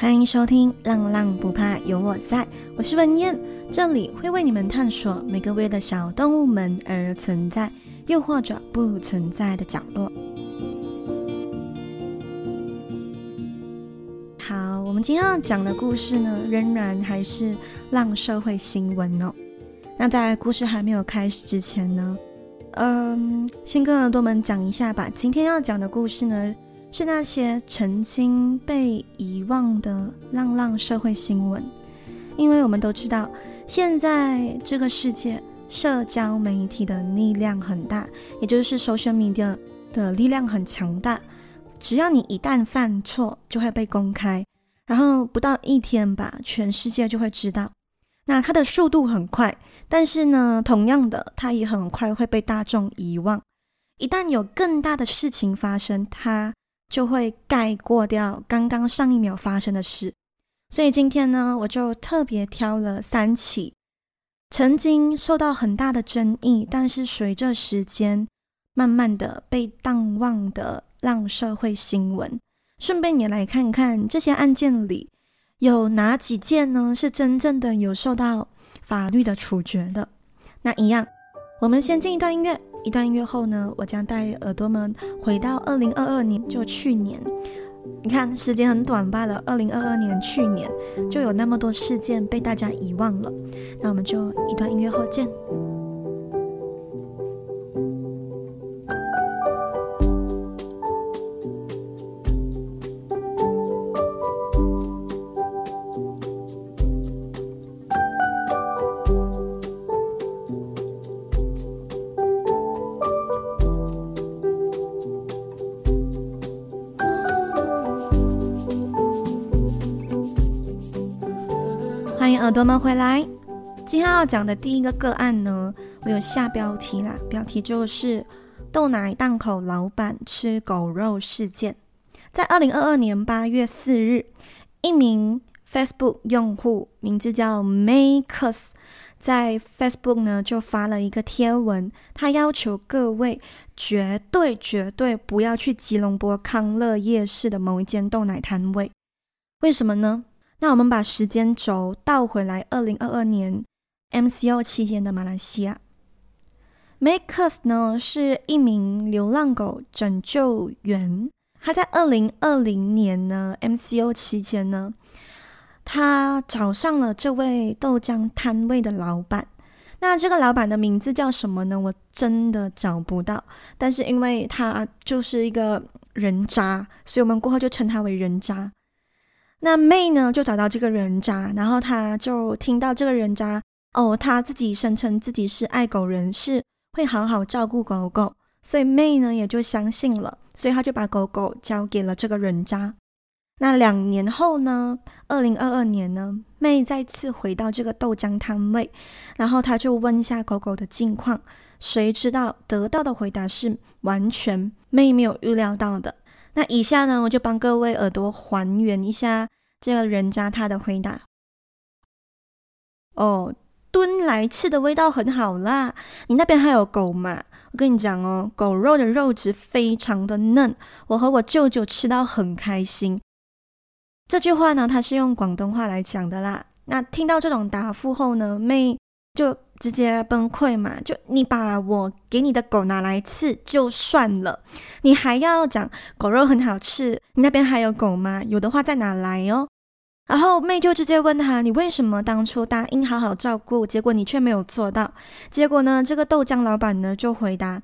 歡迎收聽《浪浪不怕有我在》，我是文燕，這裡會為你們探索每個為了小動物們而存在，又或者不存在的角落。好，我們今天要講的故事呢，仍然還是浪社會新聞哦。那在故事還沒有開始之前呢，嗯、呃，先跟耳朵們講一下吧。今天要講的故事呢。是那些曾經被遺忘的浪浪社會新聞，因為我們都知道，現在這個世界社交媒體的力量很大，也就是 social media 的力量很強大。只要你一旦犯錯，就會被公開，然後不到一天吧，全世界就會知道。那它的速度很快，但是呢，同樣的，它也很快會被大眾遺忘。一旦有更大的事情發生，它，就會蓋過掉剛剛上一秒發生的事，所以今天呢，我就特別挑了三起曾經受到很大的爭議，但是隨着時間慢慢的被淡忘的浪社會新聞。順便也來看看這些案件裡有哪幾件呢，是真正的有受到法律的處決的。那一樣，我們先進一段音樂。一段音樂後呢，我將帶耳朵們回到二零二二年，就去年，你看時間很短罷了。二零二二年去年就有那麼多事件被大家遺忘了，那我們就一段音樂後見。歡迎耳朵們回來，今天要講的第一個個案呢，我有下標題啦，標題就是“豆奶檔口老板吃狗肉事件”。在二零二二年八月四日，一名 Facebook 用戶，名字叫 Maycus 在 Facebook 呢就發了一個貼文，他要求各位絕對絕對不要去吉隆坡康樂夜市的某一間豆奶攤位，為什麼呢？那我們把時間軸倒回來。二零二二年 MCO 期間的馬來西亞，Makers 呢是一名流浪狗拯救員。他在二零二零年呢 MCO 期間呢，他找上了這位豆漿攤位的老板。那這個老板的名字叫什麼呢？我真的找不到。但是因為他就是一個人渣，所以我們過後就稱他為人渣。那妹呢就找到這個人渣，然後她就聽到這個人渣哦，他自己聲稱自己是愛狗人士，會好好照顧狗狗，所以妹呢也就相信了，所以她就把狗狗交給了這個人渣。那兩年後呢，2022年呢，妹再次回到這個豆漿攤位，然後她就問一下狗狗的近況，誰知道得到的回答是完全妹沒有預料到的。那以下呢，我就幫各位耳朵還原一下這個人渣他的回答。哦，蹲來吃的味道很好啦。你那邊還有狗嗎？我跟你講哦，狗肉的肉質非常的嫩，我和我舅舅吃到很開心。這句話呢，它是用廣東話來講的啦。那聽到這種答覆後呢，妹就。直接崩潰嘛？就你把我給你的狗拿來吃就算了，你還要講狗肉很好吃？你那邊還有狗嗎？有的話在哪來哦？然後妹就直接問他：你為什麼當初答應好好照顧，結果你卻沒有做到？結果呢？這個豆漿老闆呢就回答：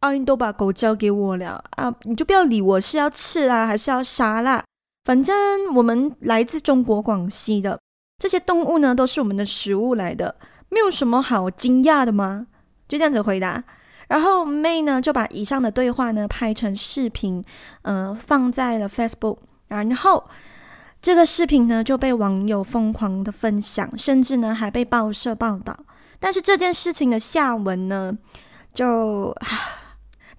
啊、你都把狗交給我了啊，你就不要理我是要吃啦、啊、還是要殺啦，反正我們來自中國廣西的這些動物呢都是我們的食物來的。沒有什麼好驚訝的嗎？就這樣子回答。然後妹呢就把以上的對話呢拍成視頻，嗯、呃，放在了 Facebook。然後這個視頻呢就被網友瘋狂的分享，甚至呢還被報社報道。但是這件事情的下文呢，就……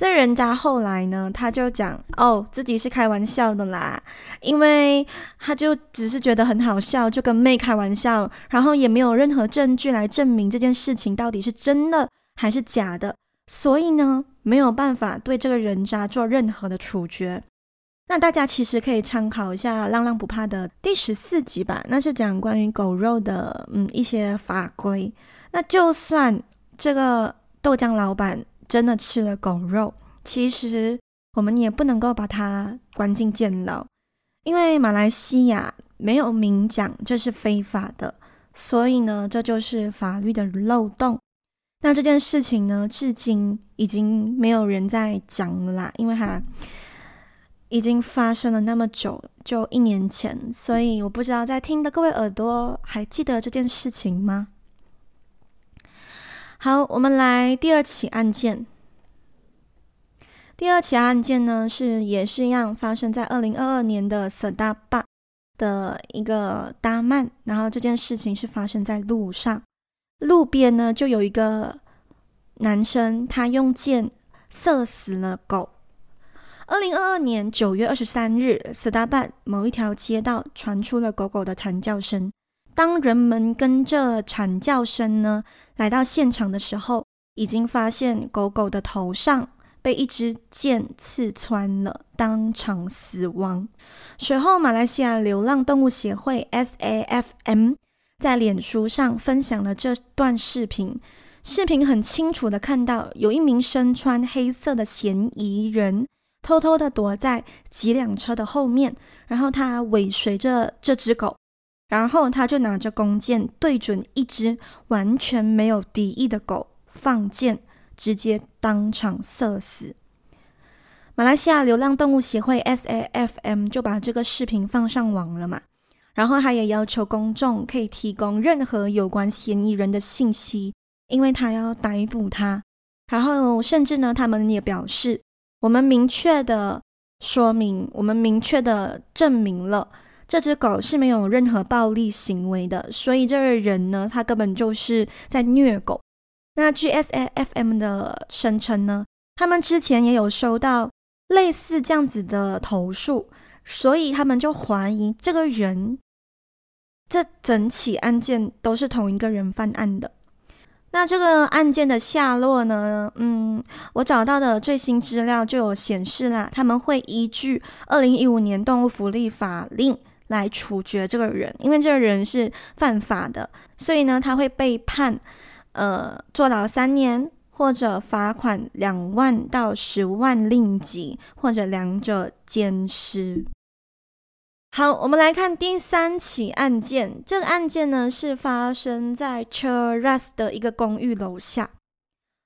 這人渣後來呢，他就講，哦，自己是開玩笑的啦，因為他就只是覺得很好笑，就跟妹開玩笑，然後也沒有任何證據來證明這件事情到底是真的還是假的，所以呢，沒有辦法對這個人渣做任何的處決。那大家其實可以參考一下《浪浪不怕》的第十四集吧，那是講關於狗肉的嗯一些法規。那就算這個豆漿老板。真的吃了狗肉，其實我們也不能夠把它關進監牢，因為馬來西亞沒有明講這是非法的，所以呢，這就是法律的漏洞。那這件事情呢，至今已經沒有人在講啦，因為它已經發生了那麼久，就一年前，所以我不知道在聽的各位耳朵還記得這件事情嗎？好，我們來第二起案件。第二起案件呢，是也是一樣，發生在二零二二年的沙特巴的一個達曼，然後這件事情是發生在路上，路邊呢就有一個男生，他用箭射死了狗。二零二二年九月二十三日，沙特巴某一條街道傳出了狗狗的慘叫聲。當人們跟着慘叫聲呢來到現場的時候，已經發現狗狗的頭上被一支箭刺穿了，當場死亡。隨後，馬來西亞流浪動物協會 SAFM 在臉書上分享了這段視頻。視頻很清楚的看到，有一名身穿黑色的嫌疑人偷偷的躲在幾輛車的後面，然後他尾隨着這隻狗。然後他就拿着弓箭對準一隻完全沒有敵意的狗放箭，直接當場射死。馬來西亞流浪動物協會 SAFM 就把這個視頻放上網了嘛，然後他也要求公眾可以提供任何有關嫌疑人的信息，因為他要逮捕他。然後甚至呢，他們也表示，我們明確的說明，我們明確的證明了。這隻狗是沒有任何暴力行為的，所以這個人呢，他根本就是在虐狗。那 GSAFM 的聲稱呢，他們之前也有收到類似這樣子的投訴，所以他們就懷疑這個人，這整起案件都是同一個人犯案的。那這個案件的下落呢？嗯，我找到的最新資料就有顯示啦，他們會依據二零一五年動物福利法令。來處決這個人，因為這個人是犯法的，所以呢，他會被判，呃，坐牢三年，或者罰款兩萬到十萬令吉，或者兩者兼施。好，我們來看第三起案件。這個案件呢，是發生在 Cheras 的一個公寓樓下。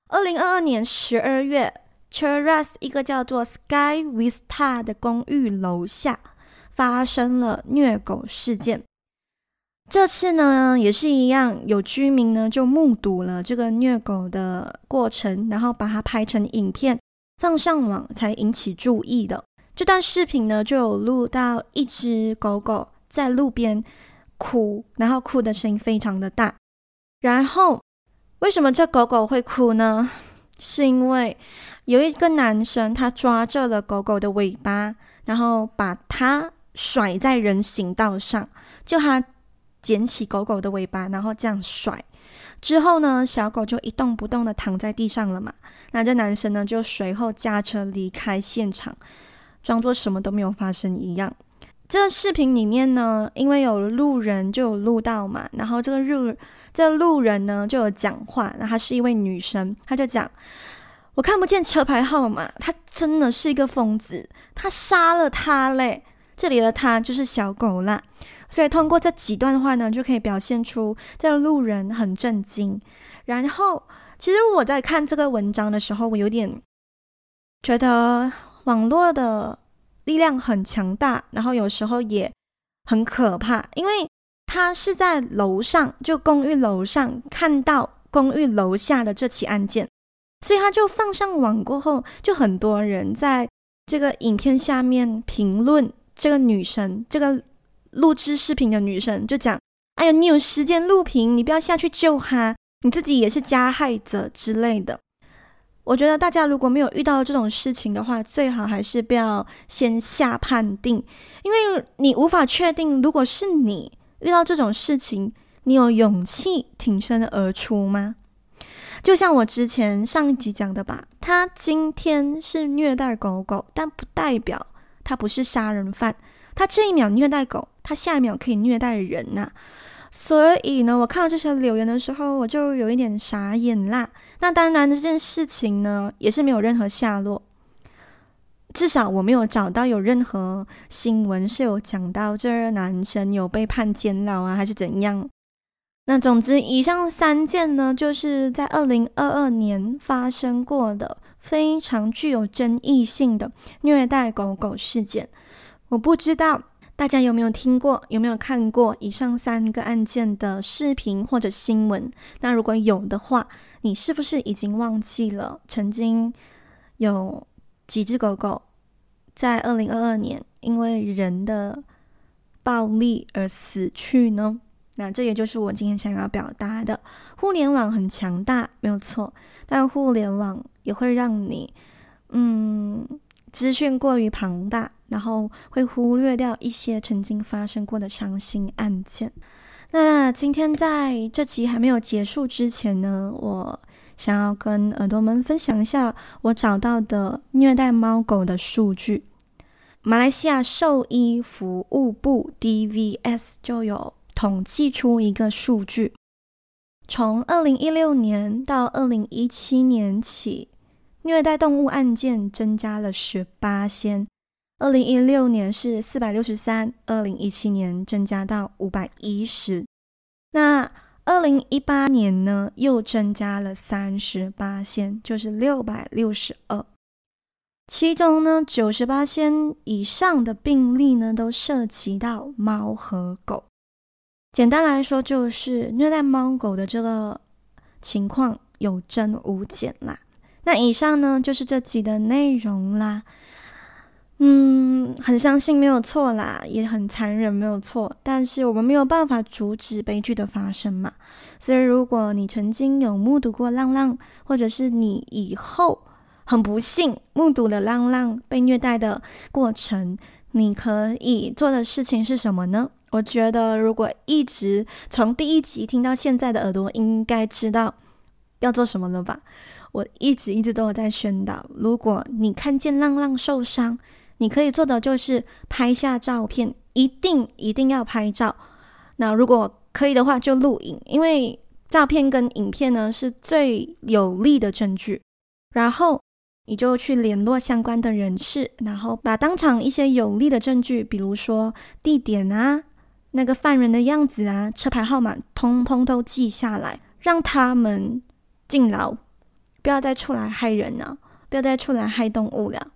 二零二二年十二月，Cheras 一個叫做 Sky Vista 的公寓樓下。發生了虐狗事件，這次呢也是一樣，有居民呢就目睹了這個虐狗的過程，然後把它拍成影片放上網才引起注意的。這段視頻呢就有錄到一隻狗狗在路邊哭，然後哭的聲音非常的大。然後為什麼這狗狗會哭呢？是因為有一個男生他抓着了狗狗的尾巴，然後把它……甩在人行道上，就他撿起狗狗的尾巴，然後這樣甩，之後呢，小狗就一動不動的躺在地上了嘛。那這男生呢，就隨後駕車離開現場，裝作什麼都沒有發生一樣。這個視頻裡面呢，因為有路人就有錄到嘛，然後這個路這個、路人呢就有講話，那他是一位女生，她就講我看不見車牌號碼，他真的是一個瘋子，他殺了他嘞。這裡的它就是小狗啦，所以通過這幾段話呢，就可以表現出這個路人很震驚。然後，其實我在看這個文章的時候，我有點覺得網絡的力量很強大，然後有時候也很可怕。因為他是在樓上，就公寓樓上看到公寓樓下的這起案件，所以他就放上網過後，就很多人在這個影片下面評論。這個女生，這個錄製視頻的女生就講：“哎呀，你有時間錄屏，你不要下去救他，你自己也是加害者之類的。”我覺得大家如果沒有遇到這種事情的話，最好還是不要先下判定，因為你無法確定，如果是你遇到這種事情，你有勇氣挺身而出嗎？就像我之前上一集講的吧，他今天是虐待狗狗，但不代表。他不是殺人犯，他這一秒虐待狗，他下一秒可以虐待人吶、啊。所以呢，我看到這些留言的時候，我就有一點傻眼啦。那當然，這件事情呢，也是沒有任何下落，至少我沒有找到有任何新聞是有講到這男生有被判監牢啊，還是怎樣。那總之，以上三件呢，就是在二零二二年發生過的。非常具有爭議性的虐待狗狗事件，我不知道大家有沒有聽過，有沒有看過以上三個案件的視頻或者新聞？那如果有的話，你是不是已經忘記了曾經有幾隻狗狗在二零二二年因為人的暴力而死去呢？那這也就是我今天想要表達的：互聯網很強大，沒有錯，但互聯網也會讓你，嗯，資訊過於龐大，然後會忽略掉一些曾經發生過的傷心案件。那今天在這期還沒有結束之前呢，我想要跟耳朵們分享一下我找到的虐待貓狗的數據。馬來西亞獸醫服務部 DVS 就有。統計出一個數據，從二零一六年到二零一七年起，虐待動物案件增加了十趴。二零一六年是四百六十三，二零一七年增加到五百一十。那二零一八年呢，又增加了三十趴，就是六百六十二。其中呢，九十趴以上的病例呢，都涉及到貓和狗。簡單來說，就是虐待貓狗的這個情況有增無減啦。那以上呢，就是這集的內容啦。嗯，很傷心沒有錯啦，也很殘忍沒有錯，但是我們沒有辦法阻止悲劇的發生嘛。所以，如果你曾經有目睹過浪浪，或者是你以後很不幸目睹了浪浪被虐待的過程，你可以做的事情是什麼呢？我覺得，如果一直從第一集聽到現在的耳朵，應該知道要做什麼了吧？我一直一直都有在宣導，如果你看見浪浪受傷，你可以做的就是拍下照片，一定一定要拍照。那如果可以的話，就錄影，因為照片跟影片呢是最有力的證據。然後你就去聯絡相關的人士，然後把當場一些有力的證據，比如說地點啊。那個犯人的樣子啊，車牌號碼通通都記下來，讓他們進牢，不要再出來害人了，不要再出來害動物了。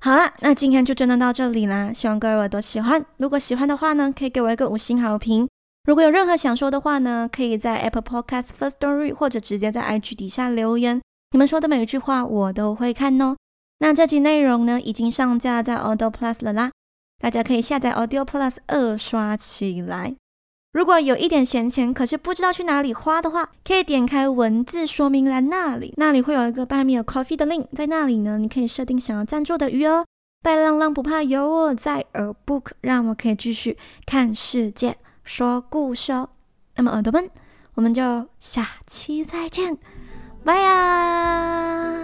好啦，那今天就真的到這裡啦。希望各位耳朵喜歡，如果喜歡的話呢，可以給我一個五星好評。如果有任何想說的話呢，可以在 Apple Podcast Firstory 或者直接在 IG 底下留言，你們說的每一句話我都會看哦。那這集內容呢，已經上架在 Audo Plus 了啦。大家可以下載 Audio Plus 二刷起來。如果有一點閒錢，可是不知道去哪裡花的話，可以點開文字說明欄那裡，那裡會有一個 Buy Me a Coffee 的 link，在那裡呢，你可以設定想要贊助的餘額、哦。拜浪浪不怕有我在，耳 book 讓我可以繼續看世界、說故事哦。那麼耳朵們，我們就下期再見，拜呀、啊！